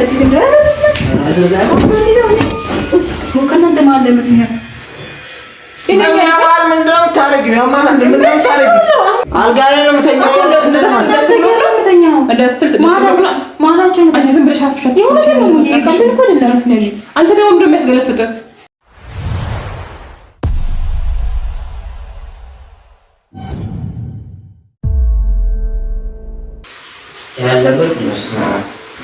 አንተ ደግሞ ምንድን ነው ያለበት ነው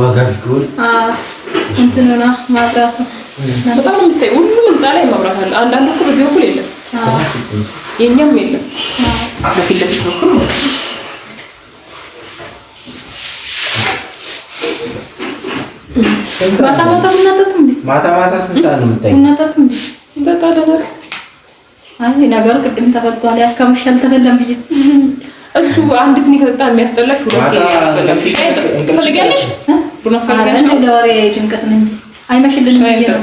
ዋጋ ቢሆን እንትንና ማብራቱ በጣም የምታይ ሁሉም ህንፃ ላይ ማብራት አለ። አንዳንዱ እኮ በዚህ በኩል የለም፣ የኛም የለም። በፊት ለፊት በኩል ማታ ማታ ቡና ጠጡ። ማታ ማታ ስንት ሰዓት ነው የምታይ? ቡና ጠጡ ይጠጣል። አይ ነገሩ ቅድም ተፈቷል። ያካመሻል ተፈላም ብዬ እሱ አንድ ትኒ ከጠጣ የሚያስጠላሽ ሁለት ትፈልጊያለሽ፣ ቡና ትፈልጊያለሽ። ለወሬ ጭንቀት ነው እንጂ አይመሽልንም ብዬ ነው።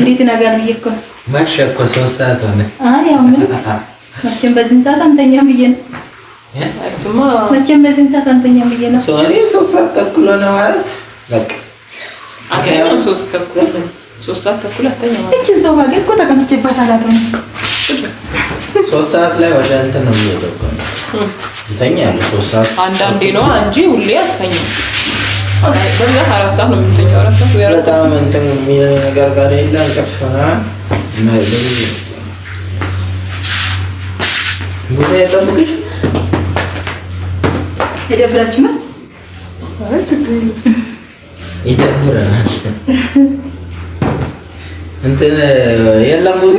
እንዴት ነገር ብዬ እኮ መሸ እኮ ሶስት ሰዓት ሆነ። አይ ያው ምን መቼም በዚህን ሰዓት አንተኛም ብዬ ነው። እሱማ መቼም በዚህን ሰዓት አንተኛም ብዬ ነው። ሶሪ ሶስት ሰዓት ተኩል ሆነ ማለት በቃ አከያም ሶስት ተኩል ሶስት ሰዓት ተኩል አንተኛም ማለት ሰው ማገኝ እኮ ተቀምጬባት አላውቅም ሶስት ሰዓት ላይ ወደ እንትን ነው የሚሄደው። ይተኛል ሶስት ሰዓት አንዳንዴ ነው እንጂ ሁሌ በብዛት አራት ሰዓት ነው የምንተኛው። አራት ሰዓት በጣም እንትን የሚል ነገር ጋር የለ እንቅፍና ቦታ የጠብቅሽ የደብራችሁ ነው ይደብረናል እንትን የለም ቡዜ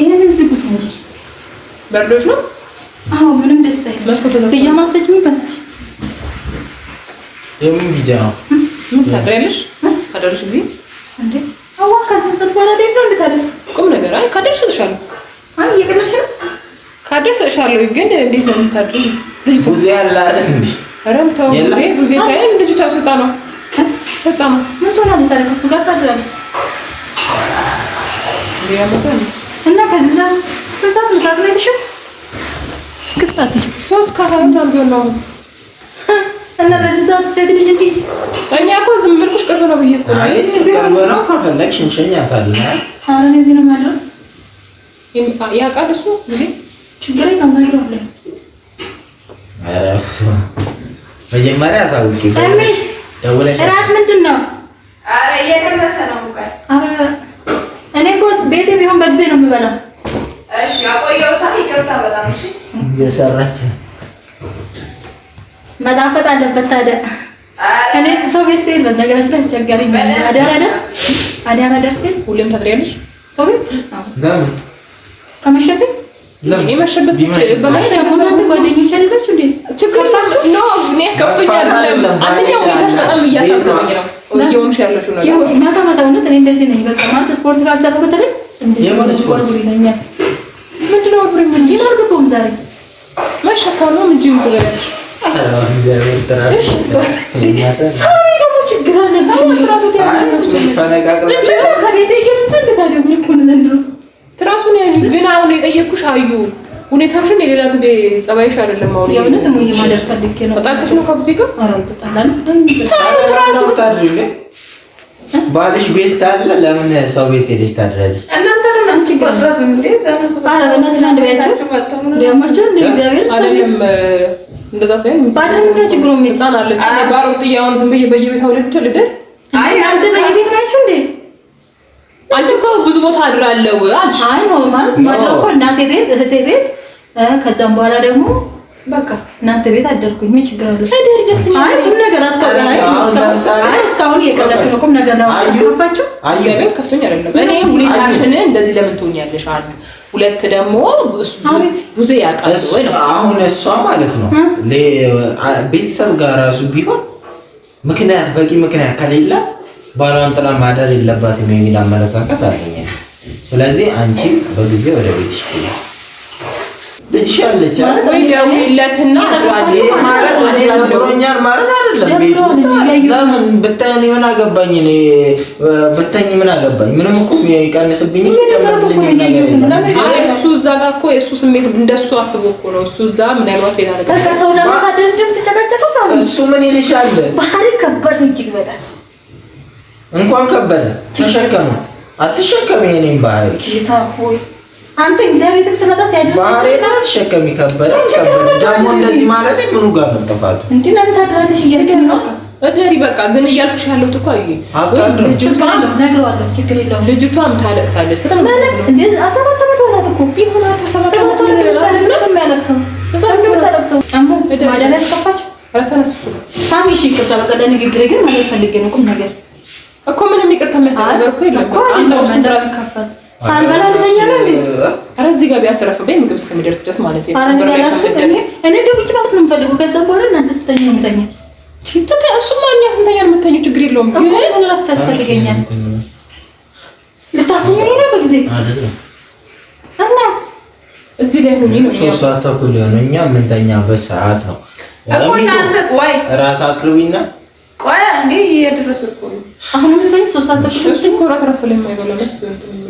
ይሄን ዝጉት እንጂ በርዶች ነው። አዎ ምንም ደስ አይልም። ብዬሽ ማስተጅም ይበልጥ የምን ቢጃ ምን ታደርያለሽ? እዚህ አዋ ከዚህ ጽት በኋላ ደግ ነው እንድታደር ቁም ነገር። አይ ካደርሽ እልሻለሁ። አይ እየቀለድሽ ካደርሽ እልሻለሁ። ግን እንዴት ነው የምታድሪው? ልጅቷ ጊዜ አለ አይደል እንዴ? ኧረ ተው ጊዜ ጊዜ ሳይሆን ልጅቷ ህፃኗ ህፃኗ ምን ትሆናለች ታዲያ? ከእሱ ጋር ታድራለች። ሌላ ቦታ ነው እና ከዛ ስንት ሰዓት ነው ላይ እስከ ሰዓት ሶስት ከሀያ አንዱ ነው እና በዚህ ሰዓት ሴት ልጅ ልጅ እኛ እኮ ዝም ብልኩሽ ቅርብ ነው ብዬ እኮ ቅርብ ነው ከፈለግሽ እንሸኛታለን። አሁን እኔ እዚህ ነው የማድረው ያውቃል እሱ ጊዜ ችግር ነው የማድረው አለኝ። ኧረ እሱ እራት ምንድን ነው? ኧረ እየደረሰ ነው ቢያንስ ቤቴ ቢሆን በጊዜ ነው የምበላው። እሺ እየሰራች መጣፈጥ አለበት ታዲያ። እኔ ሰው ቤት ስሄድ በነገራችን ላይ አስቸጋሪ አዳር አዳር አዳር ሁሌም ታድሪያለሽ ሰው ቤት ከመሸብኝ ጓደኞች አለባችሁ እንዴ? ችግር ነው። እኔ ከብቶኛል። አንደኛው ሁኔታሽ በጣም እያሳሰበኝ ነው ማታ ማታ እውነት እኔ እንደዚህ ነኝ። በቃ ማለት ስፖርት ካልሰሩ በተለይ እንደዚህ ይለኛል። ምንድን ነው ብር እንጂ አልገባሁም። ዛሬ ማሻካሉ እንጂ ምትበላለሽ ችግር አለበት። ከቤት ዘንድሮ ትራሱን ግን አሁን የጠየቅኩሽ አዩ ሁኔታሽን የሌላ ጊዜ ጸባይሽ አይደለም። አሁን የእውነት ነው የማደር ፈልጌ ነው። ተጣልተሽ ነው ከብዙ ጋር? ኧረ አልተጣላንም። ባልሽ ቤት ካለ ለምን ሰው ቤት ሄደሽ ታድራለሽ? እናንተ ለምን አንቺ እንደዛ ሳይሆን ችግሩ አለች ዝም ብዬ በየቤት አውልድ ልደል አይ አንተ በየቤት ናችሁ እንዴ? አንቺ እኮ ብዙ ቦታ አድራለው አልሽ። አይ ነው ማለት ማድረው እኮ እናቴ ቤት እህቴ ቤት ከዛም በኋላ ደግሞ በቃ እናንተ ቤት አደርኩኝ። ምን ችግር አለው? አይ ቁም ነገር እስካሁን እየቀለድክ ነው። ቁም ነገር ነው አስፋችሁ ገበን ከፍቶኝ አይደለም። እኔ ሁኔታሽን እንደዚህ ለምን ትሆኛለሽ? አንዱ ሁለት ደግሞ ብዙ ያውቃል ወይ ነው አሁን እሷ ማለት ነው ቤተሰብ ጋር ራሱ ቢሆን ምክንያት በቂ ምክንያት ከሌለ ባሏን ጥላ ማደር የለባትም የሚል አመለካከት አለኝ። ስለዚህ አንቺ በጊዜ ወደ ቤትሽ ልጅሽ ያለች ደውይለትና ማለት አይደለም። ቤት ውስጥ ለምን ምን አገባኝ? ብታኝ ምን አገባኝ? ምንም እኮ የሚቀንስብኝ እሱ እዛ ጋ እኮ የእሱ ስሜት እንደሱ አስቦ እኮ ነው። እሱ እዛ ሰው ለማሳደር እንደምትጨቃጨቀው ሰው እሱ ምን ይልሻል? ባህሪ ከባድ እጅግ በጣም እንኳን ተሸከመ አትሸከመ ይሄኔም ባህሪ ጌታ ሆይ አንተ እንግዳ ቤትክ ስመጣ ሲያደርግ ማሬና ተሸከም ይከበረ ደግሞ እንደዚህ ማለት ምኑ ጋር ነው ጥፋቱ? እንዴ ለምን ታድራለሽ? እየርገን ነው እደሪ በቃ ግን እያልኩሽ ያለሁት እኮ አይ አታድርም። ችግር ልጅቷም ታለቅሳለች በጣም እንዴ ነው የሚያለቅሰው ሳሚ። በቃ ግን ማለት ነገር እኮ ምንም ይቅርታ የሚያሳይ ነገር እኮ የለም። አንተ ሳልበላ ልተኛ ነው እንዴ? ኧረ እዚህ ጋር ቢያስረፍብኝ ምግብ እስከሚደርስ ድረስ ማለት ነው። እኔ እንደው ቁጭ ማለት ነው የምፈልገው። ከዛም በኋላ እናንተ ስተኛ ነው የምተኛ። እሱማ እኛ ስንተኛ ነው የምተኘው። ችግር የለውም ግን እረፍት ያስፈልገኛል። ልታስኝ ነው በጊዜ እና እዚህ ላይ ሁኚ ነው። ሶስት ሰዓት ተኩል ሊሆን እኛ የምንተኛ በሰዓት ነው እራት አቅርቢና ቆይ አንዴ እየደረሰ እኮ ነው አሁን የምንተኛ ሶስት ሰዓት ተኩል እሱ እኮ እራት እራሱ ላይ የማይበላ ነው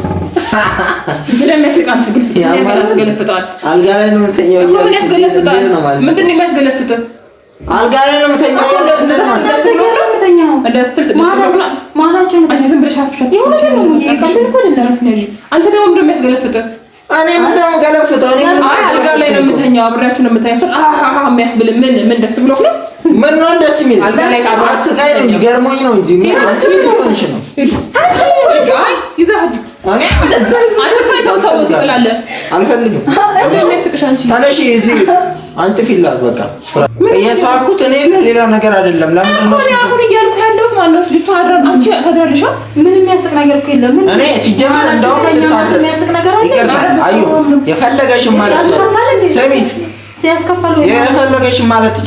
ምንድን ያስቃል። ያስገለፍጠዋል። አልጋ ላይ ነው የምተኛው። ምን ያስገለፍጠዋል? ምንድን ነው የሚያስገለፍጥ? አልጋ ላይ ነው የምተኛው። አንተ ደግሞ ምንድን ነው የሚያስገለፍጥ? እኔ ምን ነው ገለፍጠው? አልጋ ላይ ነው የምተኛው። አብሬያችሁ ነው የምተኛው የሚያስብል ምን ምን ደስ ብሎህ ነው? ምን ነው ደስ የሚል አስቃኝ ነው። ገርሞኝ ነው እንጂ አልፈልግም። ተነሽ በቃ እየሳኩት እኔ ለሌላ ነገር አይደለም። ለምንድን ነው አሁን እያልኩ ያለው? አንቺ አድራልሻ? ምንም ነገር እኮ የለም። እኔ ሲጀመር የፈለገሽን ማለት ነው። ስሚ የፈለገሽን ማለት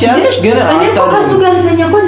ግን አታውቅም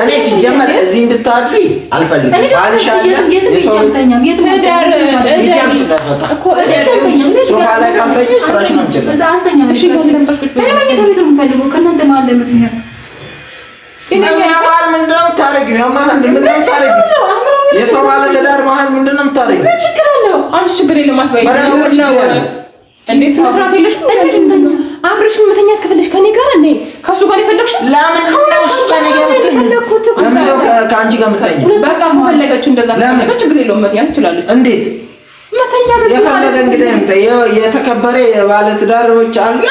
እኔ ሲጀመር እዚህ እንድታድሪ አልፈልግም። የሰው ባለ ትዳር መሀል ምንድን ነው የምታደርጊው? ችግር አለው። ችግር የለም አብረሽ መተኛት ከፈለሽ ከኔ ጋር እኔ ከሱ ጋር የፈለግሽ ለምን ነው? እሱ ከኔ ጋር ለምን ነው? ጋር በቃ እንደዛ ትችላለች። እንዴት መተኛ እንግዲህ የተከበረ የባለ ትዳሮች አልጋ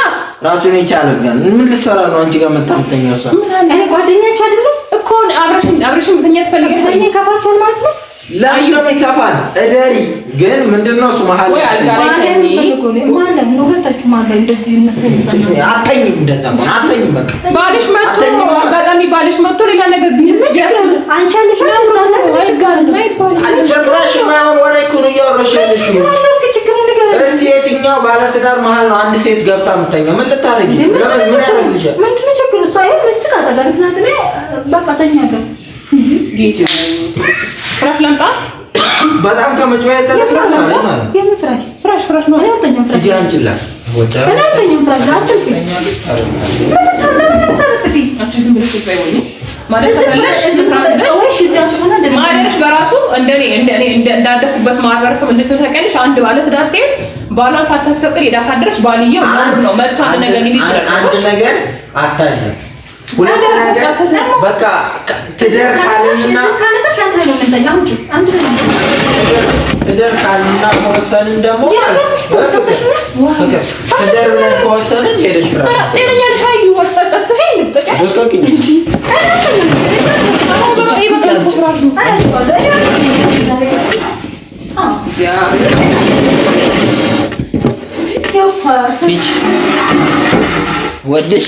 ራሱን የቻለ ምን ልትሰራ ነው አንቺ ጋር የምታምተኛው? እሷ እኔ ጓደኛችሁ አይደለም እኮ አብረሽ አብረሽ መተኛት ትፈልጊ ከፋቸውን ማለት ነው ለምን ይከፋል? እደሪ ግን ምንድነው እሱ መሀል ባልሽ አልጋ ሌላ ነገር የትኛው ባለትዳር መሀል ነው አንድ ሴት ገብታ የምታየው? ምን ልታረጊ? ፍራሽ ላምጣ። በጣም ከመጮ የተነሳ የምን ፍራሽ ፍራሽ ፍራሽ ነው። አልተኛም ፍራሽ አምጪላት። አልተኛም ፍራሽ አትልፊ። ማደርሽ በራሱ እንዳደኩበት ማህበረሰብ እንድትተቀልሽ አንድ ባለትዳር ሴት ባሏን ሳታስፈቅድ ሄዳ ካደረች ባልየው ነው መጥቷን ነገር ሊል ይችላል። አንድ ነገር አታይም በቃ ትዳር ካለንና ትዳር ከወሰንን ደግሞ ትዳር ብለን ከወሰንን ሄደሽ ወደሽ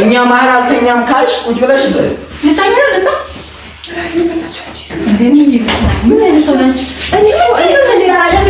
እኛ መሀል አልተኛም ካልሽ ቁጭ ብለሽ ልተኛ ልታ ምን አይነት ሰው ናቸው?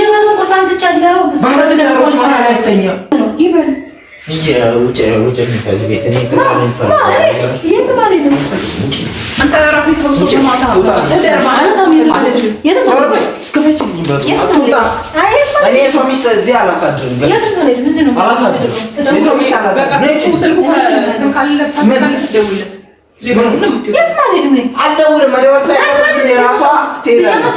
ይበሉ። ቁልፍ አንስቻለሁ። የት ማለት ነው? አልደውልም። መደወል ሳይሆን የራሷ ትሄዳለች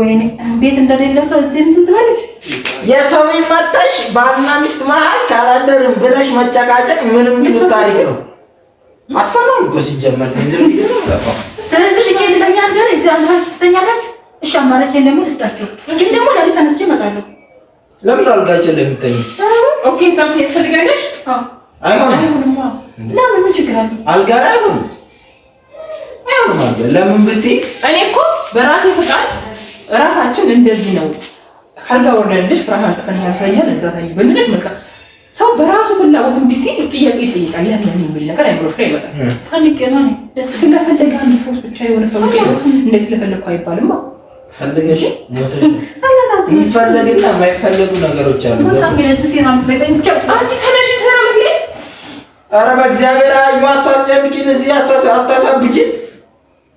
ወይኔ ቤት እንደሌለ ሰው እዚህ እንትን ትበል። የሰው የሚመጣሽ ባልና ሚስት መሀል ካላደርም ብለሽ መጨቃጨቅ ምንም ምን ታሪክ ነው። አትሰማም እኮ ሲጀመር ዝም ስለዚህ ልጄ ልተኛ ነገር እዚህ አንተች ትተኛላችሁ። እሺ አማራጭ ደግሞ ልስጣችሁ፣ ግን ደግሞ ለሊት ተነስቼ እመጣለሁ። ለምን አልጋቸው እንደሚተኝ ኦኬ። ሰው ትፈልጋለሽ? አይሆንም። ለምን ምን ችግር አለ? አልጋ ላይ አይሆንም። አይሆንም። ለምን ብትይ እኔ እኮ በራሴ ፍቃድ እራሳችን እንደዚህ ነው። ካልጋ ወረደልሽ ፍራሽ አንጥፈን ያስረኛል እዛ ታይ ብንልሽ መልካም ሰው በራሱ ፍላጎት እንዲህ ሲል ጥያቄ ይጠይቃል። ለምን የሚል ነገር አይምሮሽ ላይ ይመጣል። ፈልጌ ነው እኔ ስለፈለገ አንድ ሰው ብቻ የሆነ ሰው ብቻ እንደ ስለፈለግኩ አይባልማ። ፈልገሽ ነገሮች አሉ። እዚህ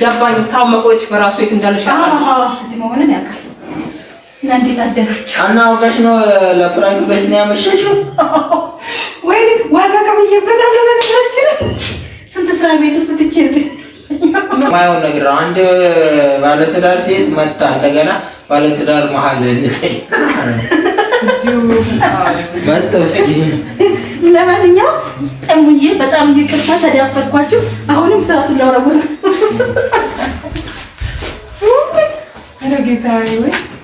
ገባኝ። እስካሁን መቆየትሽ በራሱ የት እንዳለሽ እዚህ መሆንን ያውቃል። እና እንዴት አደራችሁ? እና አውቀሽ ነው ለፕራንክ ቤት ነው ያመሸሽው? ወይኔ ዋጋ ከፍዬበታለሁ። ስንት ስራ ቤት ውስጥ ትቼ እዚህ ማየውን ነገር አንድ ባለትዳር ሴት መጣ እንደገና ባለትዳር መሀል ልጠይ ለማንኛውም ጠሙዬ በጣም ይቅርታ ተዳፈርኳችሁ። አሁንም ስራሱ ላውረቡ ነው ጌታ ወይ